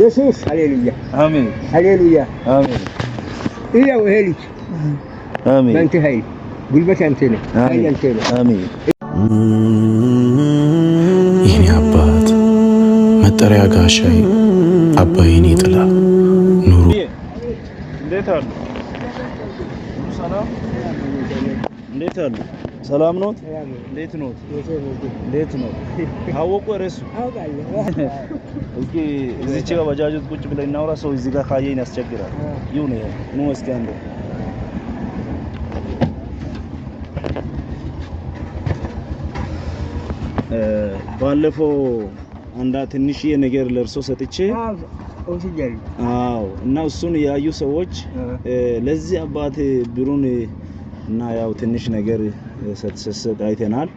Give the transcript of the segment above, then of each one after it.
ኢየሱስ ሃሌሉያ አሜን፣ ሃሌሉያ አሜን። ይኸው ይሄ ልጅ አሜን። አንተ ኃይል ጉልበት ያንተ ነህ፣ ኃይል አንተ ነህ። አሜን። የኔ አባት መጠሪያ ጋሻይ አባዬ የኔ ጥላ ኑሩ። እንዴት አሉ? ሰላም። እንዴት አሉ? ሰላም ነው። እንዴት ነው? እንዴት ነው? ታወቁ እርሱ እስኪ እዚች ጋር ባጃጅ ቁጭ ብለን እናውራ። ሰው እዚህ ጋር ካየኝ ያስቸግራል። ይሁን ይሄ ኑ እስኪ አንዱ ባለፈው አንዳ ትንሽዬ ነገር ለእርሶ ሰጥቼ አዎ፣ እና እሱን ያዩ ሰዎች ለዚህ አባት ብሩን እና ያው ትንሽ ነገር ስትሰሰጥ አይተናል።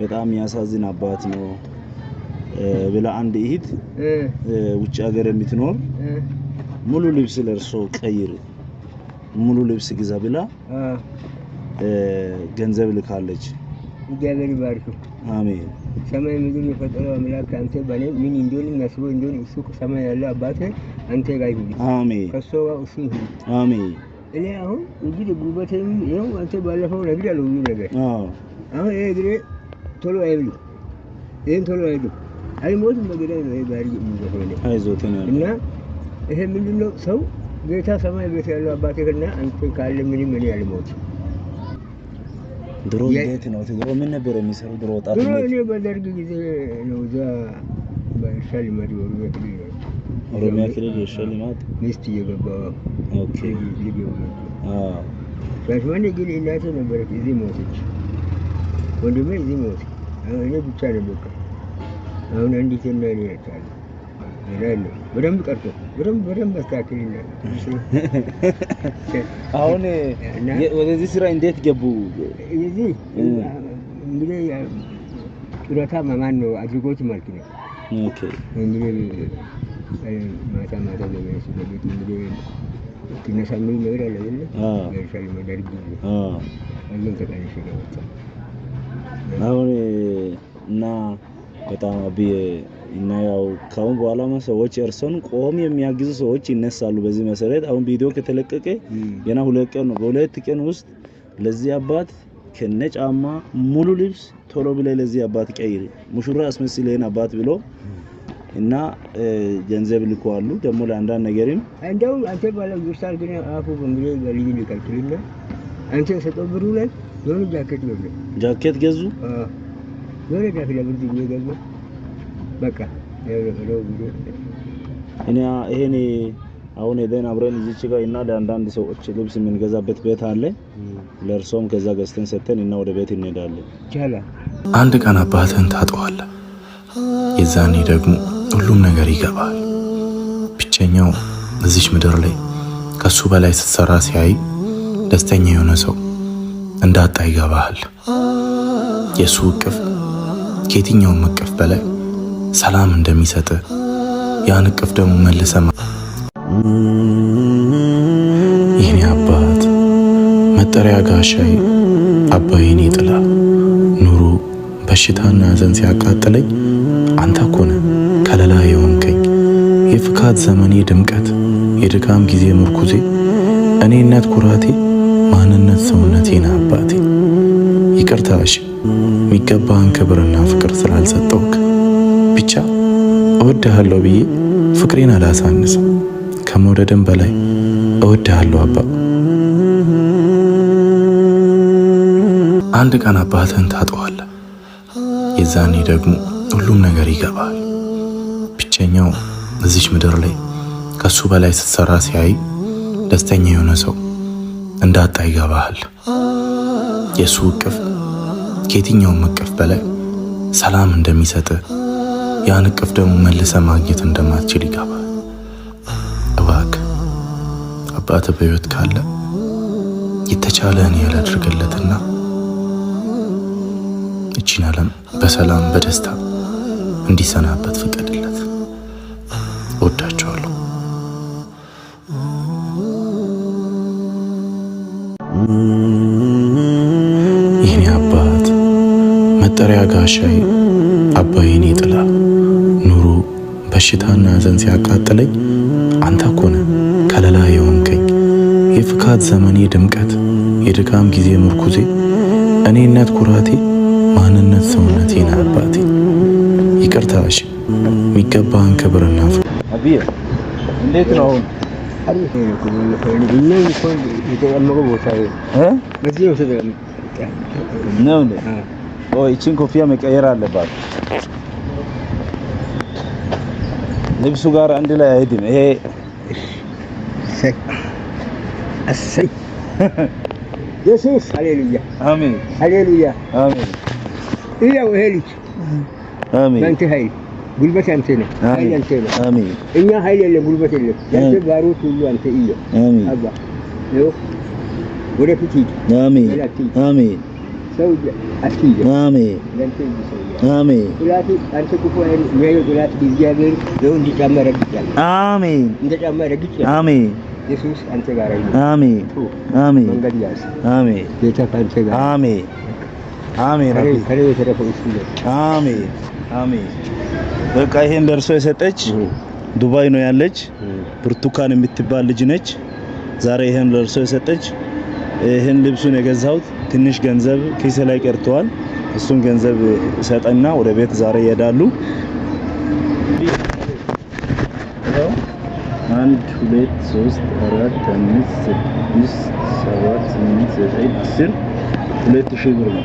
በጣም ያሳዝን አባት ነው ብላ አንድ እህት ውጭ ሀገር የምትኖር ሙሉ ልብስ ለርሶ ቀይር ሙሉ ልብስ ግዛ ብላ ገንዘብ ልካለች። እግዚአብሔር ይባርክ። አሜን። ሰማይ ምድር የፈጠረው አምላክ አንተ በኔ ምን እንደሆነ የሚያስበው እንደሆነ እሱ ሰማይ ያለው አባት አንተ ጋር ይሁን። አሜን። ከሶባ እሱ ይሁን። አሜን። እኔ አሁን እንግዲህ ጉልበቴም ይኸው አንተ ባለፈው ነግሬያለሁ። ብዙ ነገር አሁን ይሄ እግሬ ቶሎ አይብልም፣ ይህን ቶሎ አይብልም። አይሞትም መገዳይ ነው ይሄ ባህሪ እና ይሄ ምንድን ነው ሰው ጌታ ሰማይ ቤት ያለው አባቴ እና አንተ ካለ ምንም እኔ አልሞትም። ድሮ እንዴት ነው ድሮ ምን ነበር የሚሰሩ ድሮ ወጣት ድሮ እኔ በደርግ ጊዜ ነው እዛ በሻል ወሩ ቤት ነው ኦሮሚያ ክልል የሽልማት ሚስት እየገባ ግን እናቴ ነበረች፣ እዚህ ሞተች። ወንድሜ እዚህ እኔ ብቻ ነው በቃ አሁን አንዲት በደንብ ቀርቶ በደንብ በደንብ አስተካክልና አሁን ወደዚህ ስራ እንዴት ገቡ? እዚህ እንግዲህ ጡረታ ማማን ነው አድርጎት ማለት ነው እንግዲህ ማታ ማታ አሁን እና በጣም አብዬ እና ያው ካሁን በኋላማ ሰዎች እርሶን ቆም የሚያግዙ ሰዎች ይነሳሉ። በዚህ መሰረት አሁን ቪዲዮ ከተለቀቀ ገና ሁለት ቀን ነው። በሁለት ቀን ውስጥ ለዚህ አባት ከነ ጫማ ሙሉ ልብስ ቶሎ ብለ ለዚህ አባት ቀይር፣ ሙሽራ አስመስል አባት ብሎ እና ገንዘብ ልኮዋሉ ደግሞ ለአንዳንድ ነገርም እንደው አንተ ባለ ጉስታል ግን አፉ በሚል በልዩ ሊቀጥልና አንተ ሰጠው ብሩ ላይ የሆነ ጃኬት ገዙ። ጃኬት ገዙ። የሆነ ጃኬት ለብርድ ጊዜ ገዙ። በቃ እኔ ይሄኔ አሁን ሄደን አብረን እዚች ጋር እና ለአንዳንድ ሰዎች ልብስ የምንገዛበት ቤት አለ። ለእርሶም ከዛ ገዝተን ሰጥተን እና ወደ ቤት እንሄዳለን። አንድ ቀን አባትህን ታጠዋለህ። የዛኔ ደግሞ ሁሉም ነገር ይገባል። ብቸኛው እዚች ምድር ላይ ከሱ በላይ ስትሰራ ሲያይ ደስተኛ የሆነ ሰው እንዳጣ ይገባሃል። የእሱ እቅፍ ከየትኛውም እቅፍ በላይ ሰላም እንደሚሰጥ ያን እቅፍ ደግሞ መልሰ አባት መጠሪያ ጋሻይ አባዬ ጥላ ኑሮ በሽታና ሐዘን ሲያቃጥለኝ አንተ ኮነህ ከለላ የሆንከኝ የፍካት ዘመኔ ድምቀት፣ የድካም ጊዜ ምርኩዜ፣ እኔነት ኩራቴ፣ ማንነት ና አባቴ። ይቅርታሽ እሺ የሚገባህን ክብርና ፍቅር ስላልሰጠውክ ብቻ እወድሃለሁ ብዬ ፍቅሬን አላሳንስም። ከመውደድም በላይ እወድሃለሁ አባ። አንድ ቀን አባትህን ታጠዋለህ። የዛኔ ደግሞ ሁሉም ነገር ይገባል። ብቸኛው እዚች ምድር ላይ ከሱ በላይ ስትሰራ ሲያይ ደስተኛ የሆነ ሰው እንዳጣ ይገባሃል። የእሱ እቅፍ ከየትኛውም እቅፍ በላይ ሰላም እንደሚሰጥ ያን እቅፍ ደግሞ መልሰ ማግኘት እንደማትችል ይገባል። እባክ አባት በሕይወት ካለ የተቻለህን ያህል እቺን ዓለም በሰላም በደስታ እንዲሰናበት ፍቀድለት። እወዳቸዋለሁ። የኔ አባት መጠሪያ ጋሻይ አባይን ይጥላ ኑሮ በሽታና ዘን ሲያቃጥለኝ አንተ ኮነ ከለላ የሆንከኝ የፍካት ዘመኔ ድምቀት የድካም ጊዜ ምርኩዜ እኔነት ኩራቴ ማንነት ሰውነቴን አባቴ ይቅርታሽ የሚገባህን ክብርና አብዬ እንዴት ነው? አሪፍ ነው ኮፍያ መቀየር አለባት። ልብሱ ጋር አንድ ላይ አይሄድም ይሄ ኢየሱስ ሃሌሉያ አሜን። ይኸው ይሄ ልጅ አሜን። غلبة أمثله خير أمثله آمين إياه خير اللي غلبة اللي لأنت باروت اللي أنت إياه آمين أبا لو ولا تتيج آمين ولا تتيج آمين سوي أتيج آمين لن تجي آمين ولا تي أنت كفوا غير ولا تجي غير لو أنت كامل رجيت آمين أنت كامل رجيت آمين የሱስ አንተ ጋር ይሁን። አሜን አሜን። መንገድ ያዝ። አሜን። ጌታ ካንተ ጋር አሜን አሜን። ረቢ ከኔ የተረፈው እሱ ነው። አሜን አሜን። በቃ ይሄን ለእርሷ የሰጠች ዱባይ ነው ያለች ብርቱካን የምትባል ልጅ ነች። ዛሬ ይሄን ለእርሷ የሰጠች ይሄን ልብሱን የገዛሁት ትንሽ ገንዘብ ኪስ ላይ ቀርተዋል። እሱን ገንዘብ ሰጠና ወደ ቤት ዛሬ ይሄዳሉ። አንድ ሁለት ሶስት አራት አምስት ስድስት ሰባት ስምንት ዘጠኝ አስር ሁለት ሺህ ብር ነው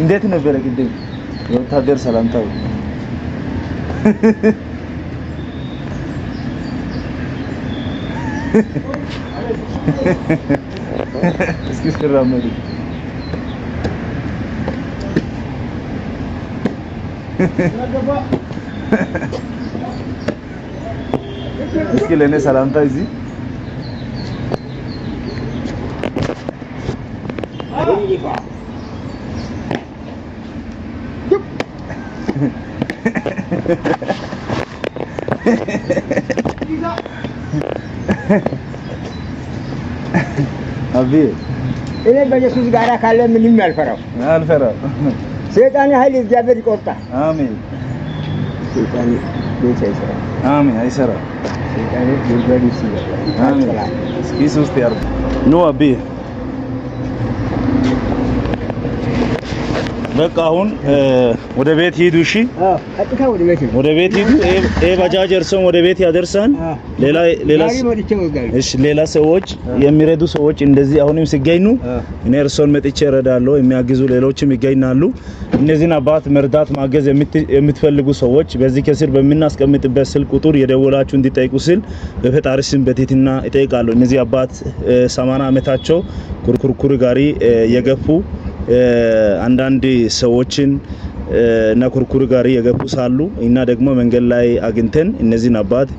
እንዴት ነበረ ቅድም የወታደር ሰላምታው? እስኪ ሲራመዱ እስኪ ለእኔ ሰላምታ እዚህ Oh, دي إلى بجي سوس قارا خالي من يم الفرو الفرو سيطاني هاي اللي جابر كورتا آمين سيطاني ليش هيسرا آمين هيسرا سيطاني بالبادي سيطاني آمين كيسوس تيار نوع بيه በቃ አሁን ወደ ቤት ሂዱ። እሺ፣ ወደ ቤት ሂዱ። ይሄ ባጃጅ እርስዎን ወደ ቤት ያደርሳል። ሌላ ሌላ እሺ፣ ሌላ ሰዎች የሚረዱ ሰዎች እንደዚህ አሁንም ሲገኙ እኔ እርስዎን መጥቼ እረዳለሁ። የሚያግዙ ሌሎችም ይገኛሉ። እነዚህን አባት መርዳት ማገዝ የምትፈልጉ ሰዎች በዚህ ከስር በምናስቀምጥበት ስልክ ቁጥር የደወላችሁ እንዲጠይቁ ስል በፈጣሪ ስም በትህትና እጠይቃለሁ። እነዚህ አባት 80 ዓመታቸው ኩርኩርኩር ጋሪ የገፉ አንዳንድ ሰዎችን እና ኩርኩር ጋሪ ሳሉ እና ደግሞ መንገድ ላይ አግኝተን እነዚህን አባት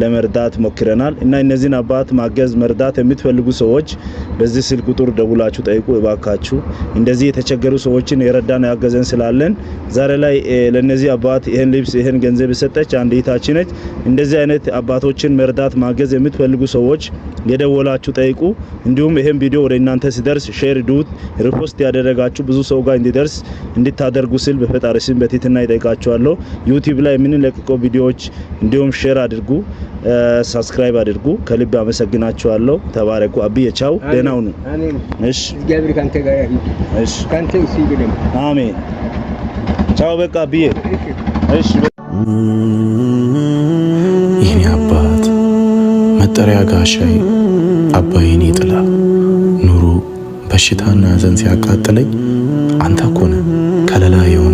ለመርዳት ሞክረናል። እና እነዚህን አባት ማገዝ መርዳት የምትፈልጉ ሰዎች በዚህ ስልክ ቁጥር ደውላችሁ ጠይቁ እባካችሁ። እንደዚህ የተቸገሩ ሰዎችን የረዳን ያገዘን ስላለን ዛሬ ላይ ለነዚህ አባት ይህን ልብስ ይህን ገንዘብ የሰጠች አንድ እህታችን ነች። እንደዚህ አይነት አባቶችን መርዳት ማገዝ የምትፈልጉ ሰዎች የደወላችሁ ጠይቁ። እንዲሁም ይህን ቪዲዮ ወደ እናንተ ሲደርስ ሼር ዱት ሪፖስት ያደረጋችሁ ብዙ ሰው ጋር እንዲደርስ እንድታደርጉ ስል ፈጣሪ ስም በትህትና ይጠይቃችኋለሁ። ዩቲዩብ ላይ የምንለቅቀው ቪዲዮዎች እንዲሁም ሼር አድርጉ፣ ሳብስክራይብ አድርጉ። ከልብ አመሰግናቸዋለሁ። ተባረኩ። አብዬ ቻው፣ ደህና ሁኑ። እሺ፣ አሜን። ቻው፣ በቃ አብዬ። እሺ፣ አባት መጠሪያ ጋሻይ አባይኔ ጥላ ኑሮ በሽታና ሐዘን ሲያቃጥለኝ አንተ ኮነ ከለላ የሆነ